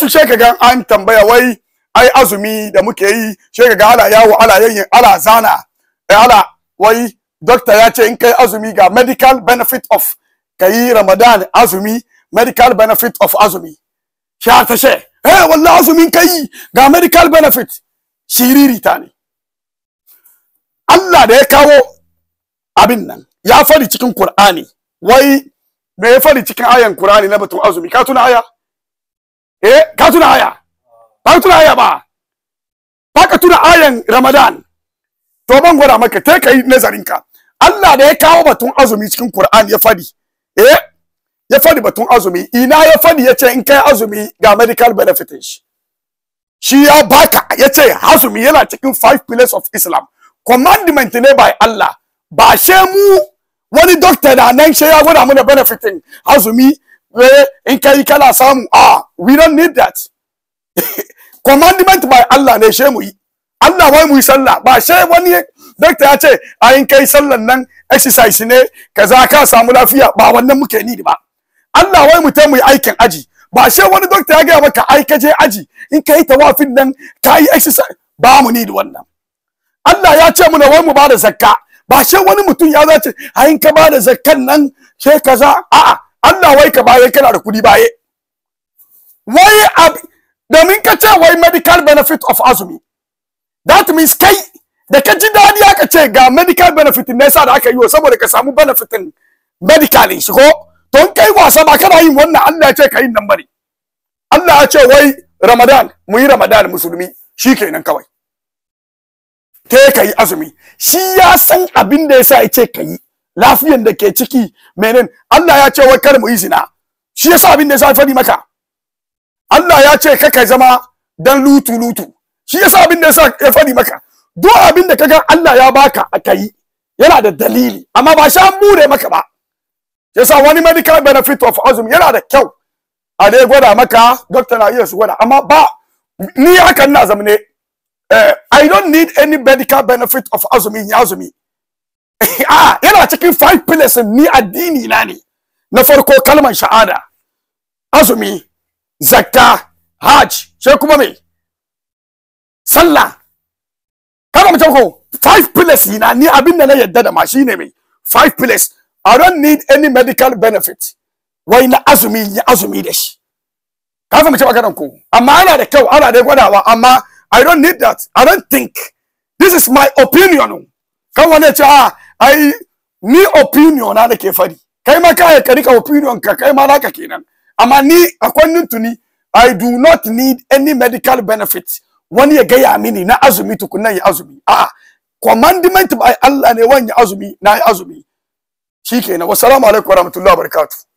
wasu sai kaga an tambaya wai ai azumi da muke yi sai kaga ala yawo ala yayin ala zana eh, ala wai doctor ya ce in kai azumi ga medical benefit of kayi ramadan azumi medical benefit of azumi sha ta she eh wallahi azumin kai ga medical benefit shiriri ta ne Allah da ya kawo abin nan ya fari cikin Qur'ani wai me ya fari cikin ayan Qur'ani na batun azumi ka tuna aya ka tuna aya ba ka tuna aya ba ba ka tuna ayan ramadan to ban gwada maka kai kai nazarin ka Allah da ya kawo batun azumi cikin Qur'an ya fadi eh ya fadi batun azumi ina ya fadi yace in kai azumi ga medical benefit shi shi ya baka yace azumi yana cikin five pillars of Islam commandment ne by Allah ba she mu wani doctor da nan she ya gwada mana benefitin azumi Eh, in kai kala samu ah we don't need that commandment by Allah ne she mu yi Allah wai mu yi sallah ba she wani doctor ya ce a in kai sallan nan exercise ne kaza ka samu lafiya ba wannan muke ni ba Allah wai mu mu yi aikin aji ba she wani doctor ya gaya maka ai ka aji in kai tawafin nan kai exercise ba mu ni wannan Allah ya ce muna wai mu ba da zakka ba she wani mutum ya zace a in ka ba da zakkan nan she kaza a'a Allah wai ka baye kana da kudi baye wai domin ka ce wai medical benefit of azumi that means kai da ka ji dadi aka ce ga medical benefit ne yasa da aka yi wa saboda ka samu benefitin medical shi ko to in kai wasa ba kana yin wannan Allah ya ce ka yi nan bari Allah ya ce wai Ramadan mu yi Ramadan musulmi Shi shikenan kawai te ka azumi shi ya san abin da yasa ya ce ka yi lafiyan da ke ciki menen Allah ya ce wai kar mu yi zina shi yasa abin da ya faɗi maka Allah ya ce kai zama dan lutu lutu shi yasa abin da ya faɗi maka duk abin da kaga Allah ya baka aka yi yana da dalili amma ba an bure maka ba yasa wani medical benefit of azum yana da kyau a dai gwada maka doctor na iya su gwada amma ba ni haka na zamne eh, I don't need any medical benefit of azumi ya azumi a ah, yana cikin five pillars ni addini na ne na farko kalmar sha'ada azumi zakka hajj sai kuma me sallah kama ko five pillars na ni abin da na yadda da ma shine me five pillars i don't need any medical benefit wai na azumi ya azumi da shi ka fahimci maganar ko amma ana da kyau ana da gwadawa amma i don't need that i don't think this is my opinion kan wani ya ce ah ai ni opinion na nake fari kai ma kai ka rika opinion ka kai ma naka kenan amma ni a kwannin tuni i do not need any medical benefit wani ya gaya mini na azumi tukunnan ya azumi a commandment by Allah ne wani azumi na azumi shikenan wassalamu alaikum warahmatullahi wabarakatuh